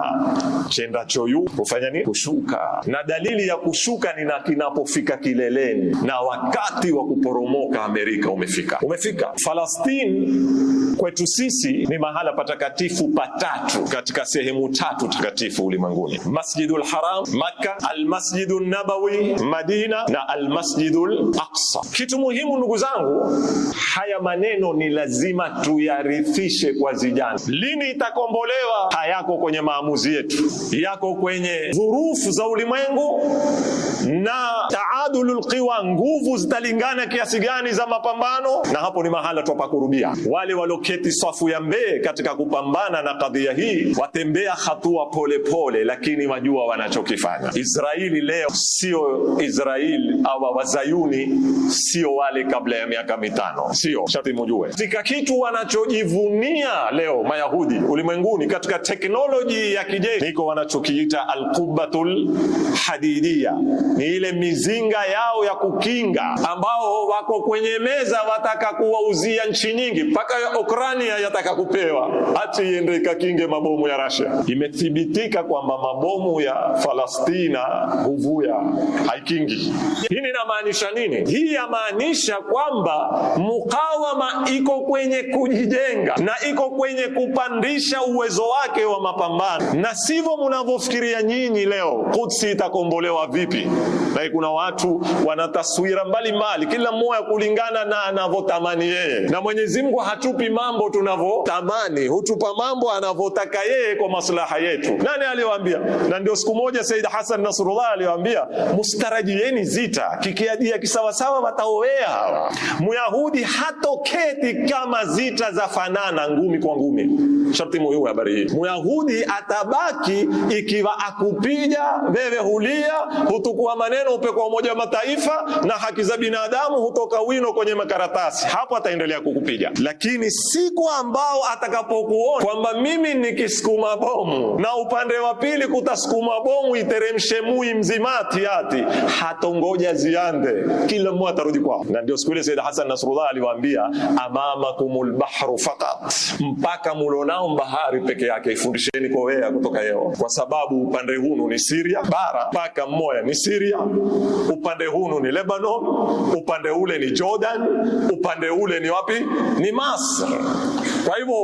S3: chenda choyu kufanya nini? Kushuka. Na dalili ya kushuka ni na kinapofika kileleni, na wakati wa kuporomoka Amerika umefika, umefika. Falastini kwetu sisi ni mahala patakatifu patatu katika sehemu tatu takatifu ulimwenguni: Masjidul Haram Makka, almasjidu Nabawi Madina na Almasjidul Aqsa. Kitu muhimu ndugu zangu, haya maneno ni lazima tuyarithishe kwa zijana Lini itakombolewa hayako kwenye maamuzi yetu, yako kwenye dhurufu za ulimwengu na taadulul qiwa, nguvu zitalingana kiasi gani za mapambano, na hapo ni mahala twapakurudia. Wale waloketi safu ya mbee katika kupambana na kadhia hii watembea hatua polepole, lakini wajua wanachokifanya. Israeli leo sio Israeli au wazayuni sio wale kabla ya miaka mitano, sio shati mujue katika kitu wanachojivunia leo Mayahudi ulimwenguni katika teknoloji ya kijeshi niko wanachokiita alqubbatul hadidia, ni ile mizinga yao ya kukinga, ambao wako kwenye meza, wataka kuwauzia nchi nyingi, mpaka ya Ukrania yataka kupewa hati iende ikakinge mabomu ya Russia. Imethibitika kwamba mabomu ya Falastina huvuya, haikingi. Hii inamaanisha nini? Hii yamaanisha kwamba mukawama iko kwenye kujijenga na iko kwenye kupandisha uwezo wake wa mapambano, na sivyo mnavyofikiria nyinyi leo Kudsi itakombolewa vipi? Na kuna watu wana taswira mbalimbali, kila mmoja kulingana na anavyotamani yeye, na Mwenyezi Mungu hatupi mambo tunavyotamani, hutupa mambo anavyotaka yeye kwa maslaha yetu. Nani aliwaambia? Na ndio siku moja Said Hassan Nasrullah aliwaambia, mustarajieni zita kikiajia kisawasawa, wataowea hawa. Myahudi hatoketi kama zita za fanana ngumi kwa ngumi, sharti muhimu habari hii. Myahudi atabaki ikiwa akupiga wewe, hulia hutukua maneno, upekwa Umoja wa Mataifa na haki za binadamu, hutoka wino kwenye makaratasi, hapo ataendelea kukupiga. Lakini siku ambao atakapokuona kwamba mimi nikisukuma bomu na upande wa pili kutasukuma bomu iteremshe mui mzimati, ati hatongoja ziande, kila mmoja atarudi kwao. Na ndio siku ile Said Hassan Nasrullah aliwaambia, amamakumul bahru faqat, mpaka mulonao bahari peke yake, ifundisheni kowea kutoka yeo kwa sababu upande hunu ni Syria bara mpaka mmoya ni Syria, upande hunu ni Lebanon, upande ule ni Jordan, upande ule ni wapi? Ni Masr. Kwa hivyo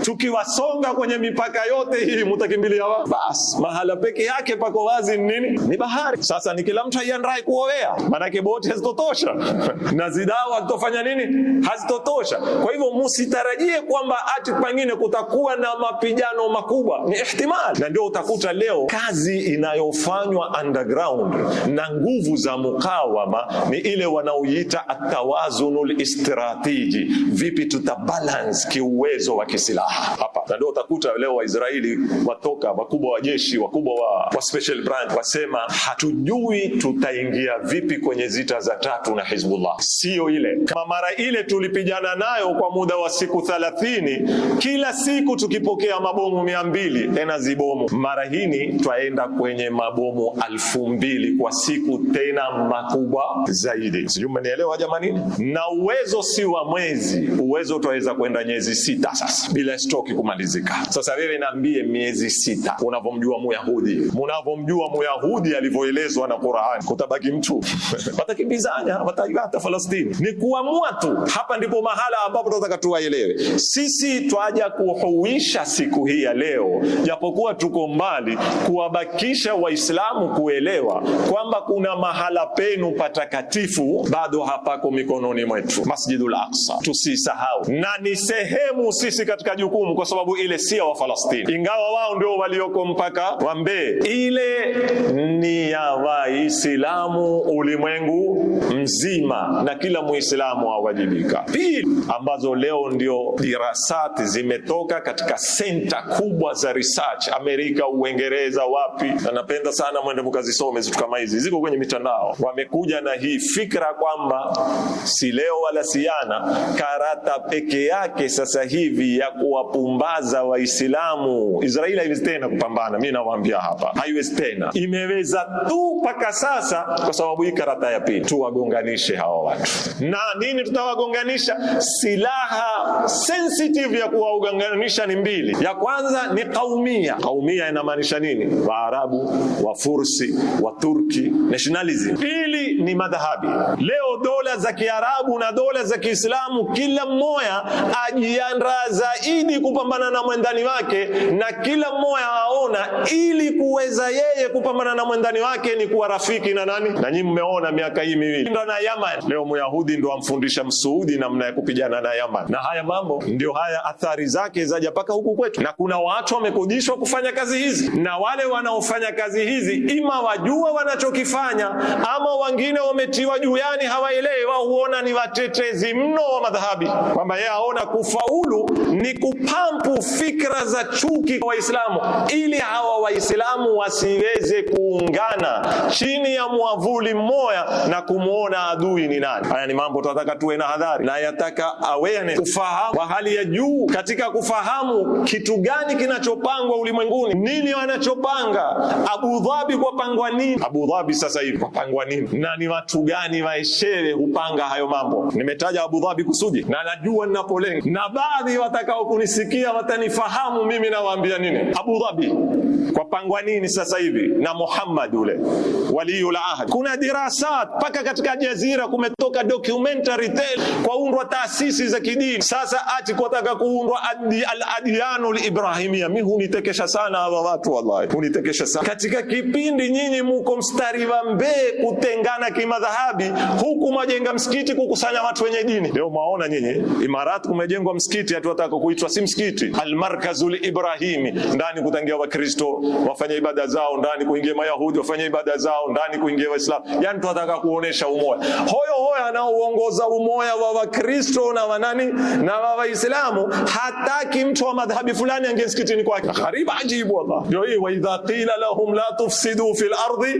S3: tukiwasonga kwenye mipaka yote hii mutakimbilia wapi? Bas, mahala peke yake pako wazi ni nini? Ni bahari. Sasa ni kila mtu aiandae kuowea, maanake boti hazitotosha na zidawa hazitofanya nini, hazitotosha. Kwa hivyo msitarajie kwamba ati pengine kutakuwa na mapigano makubwa, ni ihtimali, na ndio utakuta leo kazi inayofanywa underground na nguvu za mukawama ni ile wanaoiita atawazunul istrateji, vipi tutabalance kiu uwezo wa kisilaha hapa, na ndio utakuta leo Waisraeli watoka wakubwa wa jeshi wakubwa wa, wa special branch wasema hatujui tutaingia vipi kwenye zita za tatu na Hizbullah. sio ile kama mara ile tulipijana nayo kwa muda wa siku thalathini, kila siku tukipokea mabomu mia mbili tena zibomu. Mara hini twaenda kwenye mabomu alfu mbili kwa siku tena makubwa zaidi. Sijui mmenielewa jamanini, na uwezo si wa mwezi, uwezo twaweza kwenda nyezi si sita sasa bila stoki kumalizika. Sasa wewe niambie, miezi sita unavyomjua Muyahudi, munavyomjua Muyahudi alivyoelezwa na Qur'an, kutabaki mtu watakimbizana, wataata Falastini. Ni kuamua tu, hapa ndipo mahala ambapo tunataka tuwaelewe sisi. Twaja kuhuisha siku hii ya leo, japokuwa tuko mbali, kuwabakisha Waislamu kuelewa kwamba kuna mahala penu patakatifu bado hapako mikononi mwetu, Masjidul Aqsa tusisahau, na ni sehemu sehemu sisi katika jukumu, kwa sababu ile si ya Wafalastini, ingawa wao ndio walioko mpaka wa Mbeya. Ile ni ya Waislamu ulimwengu mzima, na kila Muislamu awajibika. Pili, ambazo leo ndio dirasati zimetoka katika senta kubwa za research Amerika, Uingereza, wapi, na napenda sana mwende mkazisome zitu kama hizi, ziko kwenye mitandao. Wamekuja na hii fikra kwamba si leo wala siana karata peke yake sasa sasa hivi ya kuwapumbaza Waislamu, Israeli haiwezi tena kupambana. mi nawaambia hapa, haiwezi tena, imeweza tu mpaka sasa, kwa sababu hii karata ya pili, tuwagonganishe hawa watu na nini? Tutawagonganisha, silaha sensitive ya kuwagonganisha ni mbili. Ya kwanza ni kaumia. Kaumia inamaanisha nini? Waarabu, Wafursi, Waturki, nationalism. Pili ni madhahabi. Leo dola za Kiarabu na dola za Kiislamu, kila mmoja ajia akajiandaa zaidi kupambana na mwendani wake, na kila mmoja aona ili kuweza yeye kupambana na mwendani wake ni kuwa rafiki na nani. Na nyinyi mmeona miaka hii miwili ndo na Yaman, leo Myahudi ndo amfundisha Msuudi namna ya kupigana na Yaman, na haya mambo ndio haya, athari zake zaja mpaka huku kwetu, na kuna watu wamekodishwa kufanya kazi hizi, na wale wanaofanya kazi hizi ima wajua wanachokifanya, ama wengine wametiwa juu, yani hawaelewi, wao huona ni watetezi mno wa madhahabi, kwamba yeye aona kufaulu boulot ni kupampu fikra za chuki kwa Waislamu ili hawa Waislamu wasiweze kuungana chini ya mwavuli mmoja na kumwona adui ni nani. Haya ni mambo tunataka tuwe na hadhari na yataka awareness, kufahamu wa hali ya juu katika kufahamu kitu gani kinachopangwa ulimwenguni, nini wanachopanga Abu Dhabi, kwa pangwa nini Abu Dhabi sasa hivi kwa pangwa nini, na ni watu gani waeshere hupanga hayo mambo. Nimetaja Abu Dhabi kusudi na najua ninapolenga na baadhi wata watakao kunisikia watanifahamu mimi nawaambia nini. Abu Dhabi kwa pangwa nini sasa hivi na Muhammad ule waliul ahad. Kuna dirasat mpaka katika Jazira kumetoka documentary tale kwa undwa taasisi za kidini. Sasa ati kwataka kuundwa adi al adiyanul ibrahimia. Mimi hunitekesha sana hawa watu wallahi, hunitekesha sana katika kipindi nyinyi muko mstari wa mbee kutengana kimadhahabi, huku majenga msikiti kukusanya watu wenye dini. Leo mwaona nyinyi Imarat kumejengwa msikiti ati kunako kuitwa si msikiti Almarkazul Ibrahimi, ndani kutangia Wakristo wafanye ibada zao ndani, kuingia Mayahudi wafanye ibada zao ndani, kuingia Waislamu. Yani tunataka kuonesha umoja hoyo hoyo, anaoongoza umoja wa Wakristo na wanani na wa Waislamu, hataki mtu wa madhhabi fulani ange msikitini kwake. Ghariba ajibu, Allah ndio hii. Wa idha qila lahum la tufsidu fil ardi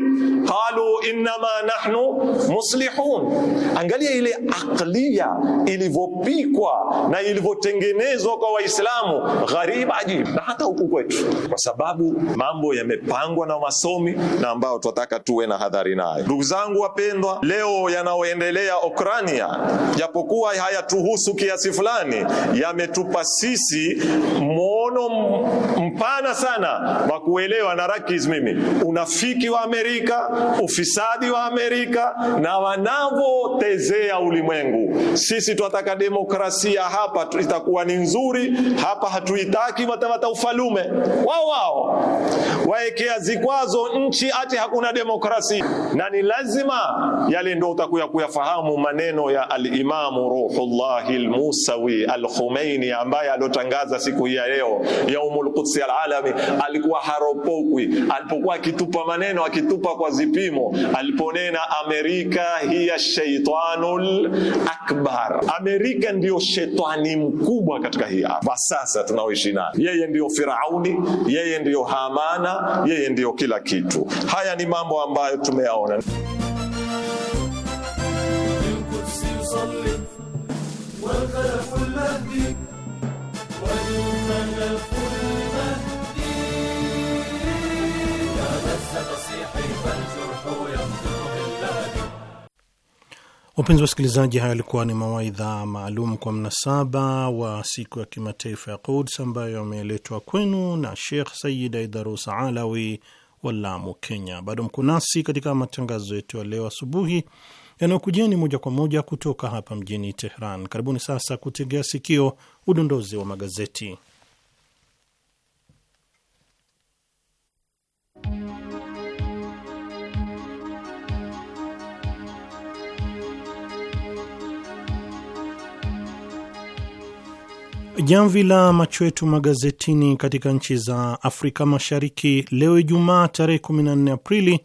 S3: qalu innama nahnu muslihun. Angalia ile aklia ilivyopikwa na ilivyotengenezwa hizo kwa Waislamu gharib ajib, na hata huku kwetu, kwa sababu mambo yamepangwa na masomi na ambao twataka tuwe na hadhari nayo. Ndugu zangu wapendwa, leo yanayoendelea Ukrania, japokuwa hayatuhusu kiasi fulani, yametupa sisi mwono mpana sana wa kuelewa na rakis mimi unafiki wa Amerika, ufisadi wa Amerika na wanavyotezea ulimwengu. Sisi twataka demokrasia hapa itakuwa ni nzuri, hapa hatuitaki watawata ufalume wao wao, waekea zikwazo nchi ati hakuna demokrasi. Na ni lazima yale ndio utakuya kuyafahamu maneno ya alimamu Ruhullahi Lmusawi Alkhumeini ambaye aliotangaza siku hii ya leo Yaumul Qudsi Alalami, alikuwa haropokwi alipokuwa akitupa maneno, akitupa kwa zipimo, aliponena Amerika hiya shaitanul akbar, Amerika ndiyo shetani mkubwa katika katika hii kwa sasa tunaoishi naye. Yeye ndiyo Firauni, yeye ndiyo Hamana, yeye ndiyo kila kitu. Haya ni mambo ambayo tumeyaona.
S1: Wapenzi wasikilizaji, hayo yalikuwa ni mawaidha maalum kwa mnasaba wa siku ya kimataifa ya Quds ambayo yameletwa kwenu na Shekh Sayid Aidarus Alawi wa Lamu, Kenya. Bado mko nasi katika matangazo yetu ya leo asubuhi yanayokujeni moja kwa moja kutoka hapa mjini Tehran. Karibuni sasa kutegea sikio udondozi wa magazeti. jamvi la macho yetu magazetini katika nchi za Afrika Mashariki leo Ijumaa tarehe 14 Aprili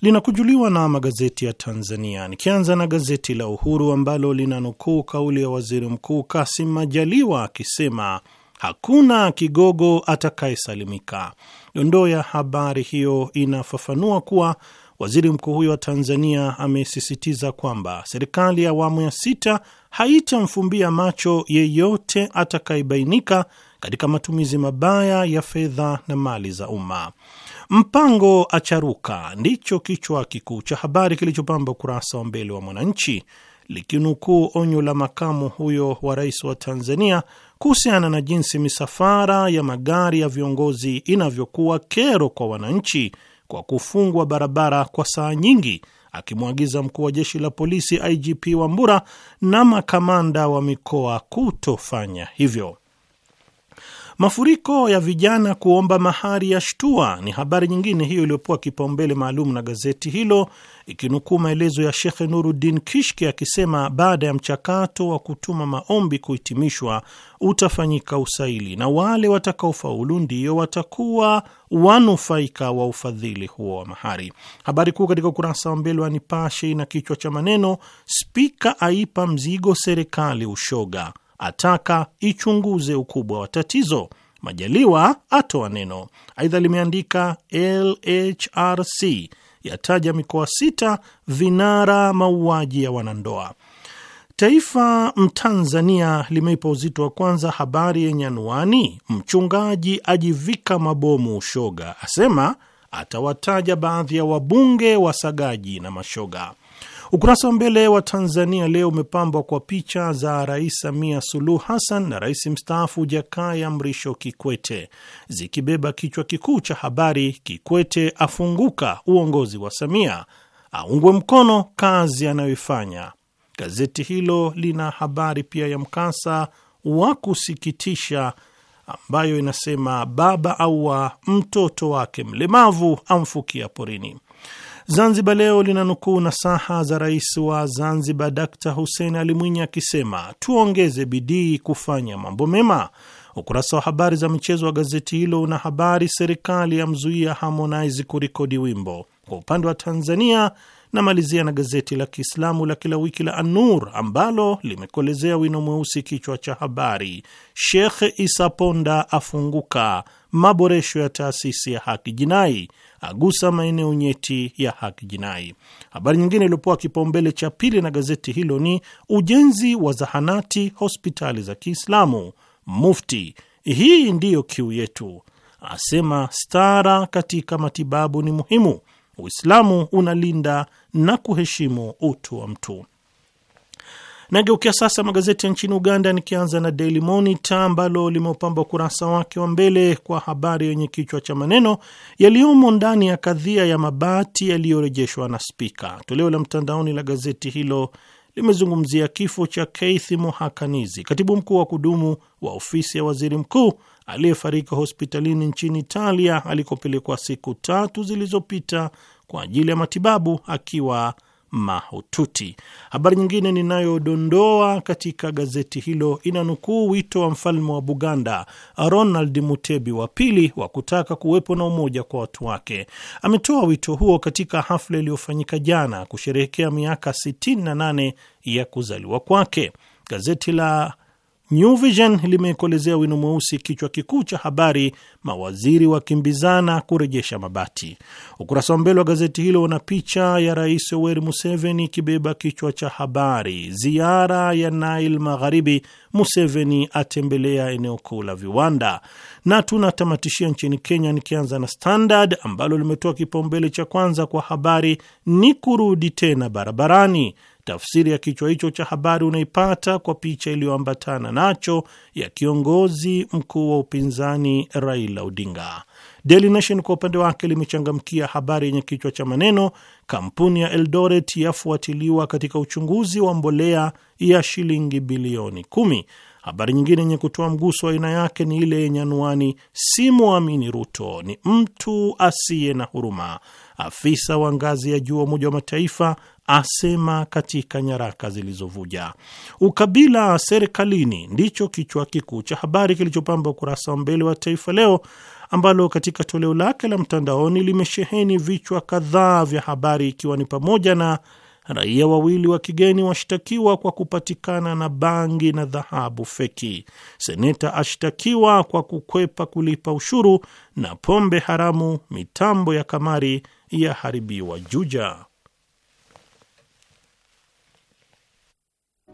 S1: linakujuliwa na magazeti ya Tanzania, nikianza na gazeti la Uhuru ambalo linanukuu kauli ya Waziri Mkuu Kasim Majaliwa akisema hakuna kigogo atakayesalimika. Dondoo ya habari hiyo inafafanua kuwa Waziri mkuu huyo wa Tanzania amesisitiza kwamba serikali ya awamu ya sita haitamfumbia macho yeyote atakayebainika katika matumizi mabaya ya fedha na mali za umma. Mpango acharuka ndicho kichwa kikuu cha habari kilichopamba ukurasa wa mbele wa Mwananchi, likinukuu onyo la makamu huyo wa rais wa Tanzania kuhusiana na jinsi misafara ya magari ya viongozi inavyokuwa kero kwa wananchi kwa kufungwa barabara kwa saa nyingi, akimwagiza mkuu wa jeshi la polisi IGP Wambura na makamanda wa mikoa kutofanya hivyo. Mafuriko ya vijana kuomba mahari ya shtua ni habari nyingine hiyo iliyopewa kipaumbele maalum na gazeti hilo, ikinukuu maelezo ya Shekhe Nuruddin Kishki akisema baada ya mchakato wa kutuma maombi kuhitimishwa utafanyika usaili na wale watakaofaulu ndio watakuwa wanufaika wa ufadhili huo wa mahari. Habari kuu katika ukurasa wa mbele wa Nipashe ina kichwa cha maneno, spika aipa mzigo serikali ushoga ataka ichunguze ukubwa wa tatizo. Majaliwa atoa neno. Aidha limeandika LHRC yataja mikoa sita vinara mauaji ya wanandoa. Taifa Mtanzania limeipa uzito wa kwanza habari yenye anuani, mchungaji ajivika mabomu ushoga, asema atawataja baadhi ya wabunge wasagaji na mashoga. Ukurasa wa mbele wa Tanzania Leo umepambwa kwa picha za Rais Samia Suluhu Hassan na rais mstaafu Jakaya Mrisho Kikwete zikibeba kichwa kikuu cha habari, Kikwete afunguka uongozi wa Samia, aungwe mkono kazi anayoifanya. Gazeti hilo lina habari pia ya mkasa wa kusikitisha ambayo inasema baba aua mtoto wake mlemavu amfukia porini. Zanzibar Leo linanukuu nasaha za rais wa Zanzibar Dkt Hussein Ali Mwinyi akisema tuongeze bidii kufanya mambo mema. Ukurasa wa habari za michezo wa gazeti hilo una habari serikali yamzuia Harmonize kurekodi wimbo. Kwa upande wa Tanzania namalizia na gazeti la Kiislamu la kila wiki la anur ambalo limekolezea wino mweusi kichwa cha habari, Sheikh isaponda afunguka, maboresho ya taasisi ya haki jinai agusa maeneo nyeti ya haki jinai. Habari nyingine iliyopewa kipaumbele cha pili na gazeti hilo ni ujenzi wa zahanati, hospitali za Kiislamu. Mufti, hii ndiyo kiu yetu, asema stara katika matibabu ni muhimu. Uislamu unalinda na kuheshimu utu wa mtu. Nageukia sasa magazeti ya nchini Uganda, nikianza na Daily Monitor ambalo limeupamba ukurasa wake wa mbele kwa habari yenye kichwa cha maneno yaliyomo ndani ya kadhia ya mabati yaliyorejeshwa na Spika. Toleo la mtandaoni la gazeti hilo limezungumzia kifo cha Keith Muhakanizi, katibu mkuu wa kudumu wa ofisi ya waziri mkuu aliyefariki hospitalini nchini Italia alikopelekwa siku tatu zilizopita kwa ajili ya matibabu akiwa mahututi. Habari nyingine ninayodondoa katika gazeti hilo inanukuu wito wa mfalme wa Buganda Ronald Mutebi wa pili wa kutaka kuwepo na umoja kwa watu wake. Ametoa wito huo katika hafla iliyofanyika jana kusherehekea miaka 68 ya kuzaliwa kwake. Gazeti la New Vision limekolezea wino mweusi kichwa kikuu cha habari, mawaziri wakimbizana kurejesha mabati. Ukurasa wa mbele wa gazeti hilo una picha ya Rais Yoweri Museveni ikibeba kichwa cha habari, ziara ya Nile Magharibi, Museveni atembelea eneo kuu la viwanda. Na tunatamatishia nchini Kenya, nikianza na Standard ambalo limetoa kipaumbele cha kwanza kwa habari ni kurudi tena barabarani Tafsiri ya kichwa hicho cha habari unaipata kwa picha iliyoambatana nacho ya kiongozi mkuu wa upinzani Raila Odinga. Daily Nation kwa upande wake limechangamkia habari yenye kichwa cha maneno kampuni ya Eldoret yafuatiliwa katika uchunguzi wa mbolea ya shilingi bilioni kumi. Habari nyingine yenye kutoa mguso wa aina yake ni ile yenye anuani simwamini Ruto ni mtu asiye na huruma. Afisa wa ngazi ya juu wa Umoja wa Mataifa asema katika nyaraka zilizovuja. Ukabila serikalini ndicho kichwa kikuu cha habari kilichopamba ukurasa wa mbele wa Taifa Leo, ambalo katika toleo lake la mtandaoni limesheheni vichwa kadhaa vya habari, ikiwa ni pamoja na raia wawili wa kigeni washtakiwa kwa kupatikana na bangi na dhahabu feki, seneta ashtakiwa kwa kukwepa kulipa ushuru, na pombe haramu mitambo ya kamari yaharibiwa Juja.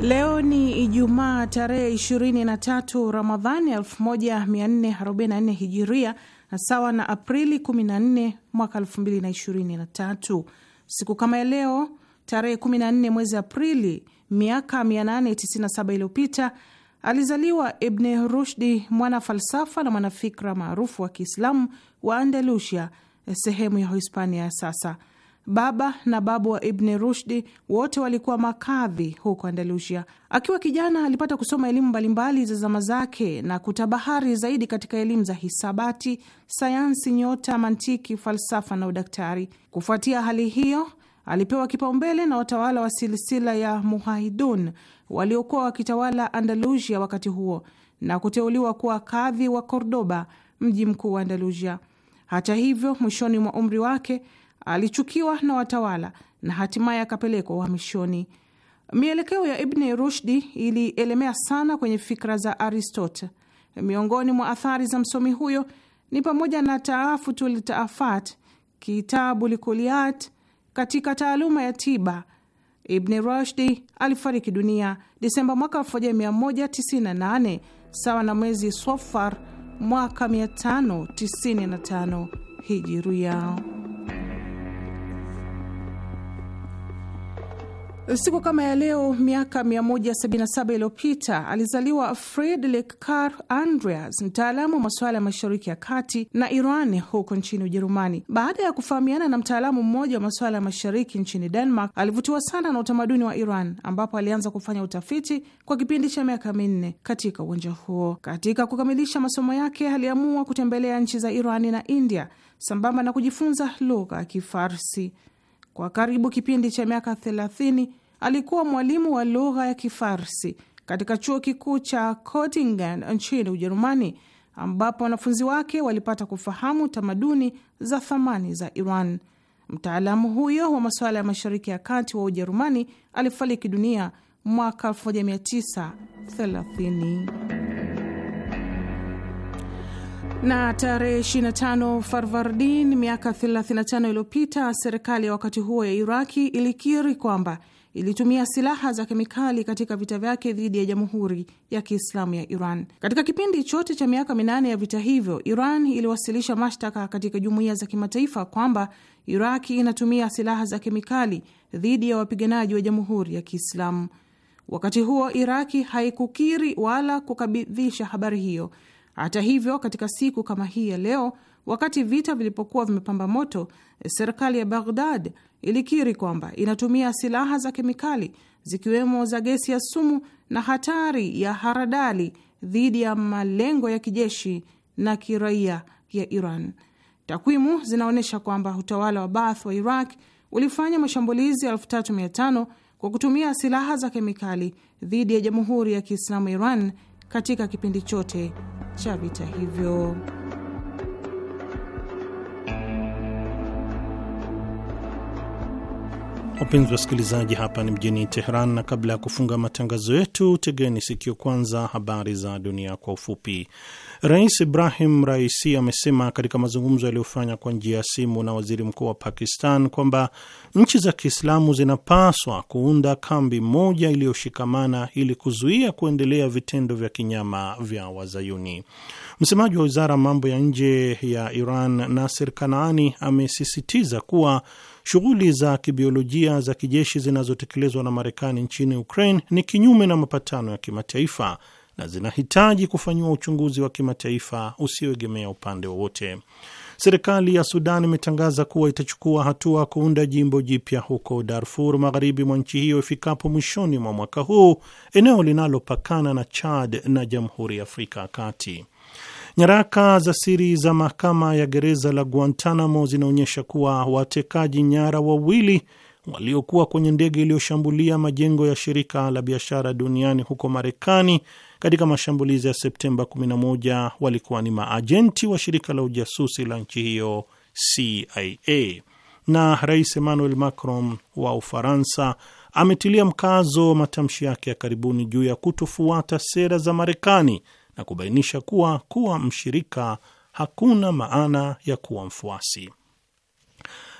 S5: Leo ni Ijumaa tarehe 23 Ramadhani 1444 Hijiria na sawa na Aprili 14 mwaka 2023. Siku kama ya leo tarehe 14 mwezi Aprili miaka 897 iliyopita alizaliwa Ibn Rushdi, mwana falsafa na mwanafikra maarufu wa Kiislamu wa Andalusia, sehemu ya Hispania ya sasa. Baba na babu wa Ibni Rushdi wote walikuwa makadhi huko Andalusia. Akiwa kijana, alipata kusoma elimu mbalimbali za zama zake na kutabahari zaidi katika elimu za hisabati, sayansi, nyota, mantiki, falsafa na udaktari. Kufuatia hali hiyo, alipewa kipaumbele na watawala wa silsila ya Muhahidun waliokuwa wakitawala Andalusia wakati huo na kuteuliwa kuwa kadhi wa Kordoba, mji mkuu wa Andalusia. Hata hivyo, mwishoni mwa umri wake alichukiwa na watawala na hatimaye akapelekwa uhamishoni. Mielekeo ya Ibni Rushdi ilielemea sana kwenye fikra za Aristote. Miongoni mwa athari za msomi huyo ni pamoja na Taafutu taafat Kitabu Likuliat katika taaluma ya tiba. Ibni Rushdi alifariki dunia Disemba mwaka 1198 sawa na mwezi Sofar mwaka 595 hijiria. Siku kama ya leo miaka 177 iliyopita alizaliwa Friedrich Karl Andreas, mtaalamu wa masuala ya mashariki ya kati na Iran huko nchini Ujerumani. Baada ya kufahamiana na mtaalamu mmoja wa masuala ya mashariki nchini Denmark, alivutiwa sana na utamaduni wa Iran, ambapo alianza kufanya utafiti kwa kipindi cha miaka minne katika uwanja huo. Katika kukamilisha masomo yake, aliamua kutembelea nchi za Irani na India sambamba na kujifunza lugha ya Kifarsi. Kwa karibu kipindi cha miaka 30 alikuwa mwalimu wa lugha ya Kifarsi katika chuo kikuu cha Göttingen nchini Ujerumani, ambapo wanafunzi wake walipata kufahamu tamaduni za thamani za Iran. Mtaalamu huyo wa masuala ya Mashariki ya Kati wa Ujerumani alifariki dunia mwaka 1930 na tarehe 25 Farvardin miaka 35 iliyopita, serikali ya wakati huo ya Iraki ilikiri kwamba ilitumia silaha za kemikali katika vita vyake dhidi ya Jamhuri ya Kiislamu ya Iran. Katika kipindi chote cha miaka minane ya vita hivyo, Iran iliwasilisha mashtaka katika jumuiya za kimataifa kwamba Iraki inatumia silaha za kemikali dhidi ya wapiganaji wa Jamhuri ya Kiislamu. Wakati huo Iraki haikukiri wala kukabidhisha habari hiyo hata hivyo, katika siku kama hii ya leo, wakati vita vilipokuwa vimepamba moto, serikali ya Baghdad ilikiri kwamba inatumia silaha za kemikali zikiwemo za gesi ya sumu na hatari ya haradali dhidi ya malengo ya kijeshi na kiraia ya Iran. Takwimu zinaonyesha kwamba utawala wa Baath wa Iraq ulifanya mashambulizi 3500 kwa kutumia silaha za kemikali dhidi ya Jamhuri ya Kiislamu Iran katika kipindi chote cha vita hivyo.
S1: Wapenzi wasikilizaji, hapa ni mjini Teheran, na kabla ya kufunga matangazo yetu, tegeni sikio kwanza habari za dunia kwa ufupi. Rais Ibrahim Raisi amesema katika mazungumzo yaliyofanya kwa njia ya simu na waziri mkuu wa Pakistan kwamba nchi za Kiislamu zinapaswa kuunda kambi moja iliyoshikamana ili kuzuia kuendelea vitendo vya kinyama vya Wazayuni. Msemaji wa wizara mambo ya nje ya Iran Nasir Kanaani amesisitiza kuwa Shughuli za kibiolojia za kijeshi zinazotekelezwa na Marekani nchini Ukraine ni kinyume na mapatano ya kimataifa na zinahitaji kufanyiwa uchunguzi wa kimataifa usioegemea upande wowote. Serikali ya Sudan imetangaza kuwa itachukua hatua kuunda jimbo jipya huko Darfur, magharibi mwa nchi hiyo, ifikapo mwishoni mwa mwaka huu, eneo linalopakana na Chad na Jamhuri ya Afrika ya Kati. Nyaraka za siri za mahakama ya gereza la Guantanamo zinaonyesha kuwa watekaji nyara wawili waliokuwa kwenye ndege iliyoshambulia majengo ya shirika la biashara duniani huko Marekani katika mashambulizi ya Septemba 11 walikuwa ni maajenti wa shirika la ujasusi la nchi hiyo CIA. Na Rais Emmanuel Macron wa Ufaransa ametilia mkazo matamshi yake ya karibuni juu ya kutofuata sera za Marekani na kubainisha kuwa kuwa mshirika hakuna maana ya kuwa mfuasi.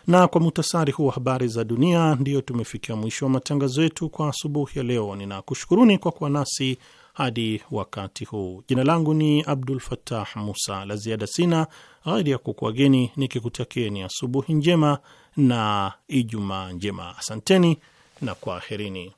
S1: Na kwa muhtasari huu wa habari za dunia, ndiyo tumefikia mwisho wa matangazo yetu kwa asubuhi ya leo. Ninakushukuruni kwa kuwa nasi hadi wakati huu. Jina langu ni Abdul fatah Musa. La ziada sina ghairi ya kukuageni nikikutakieni asubuhi njema na Ijumaa njema. Asanteni na kwaherini.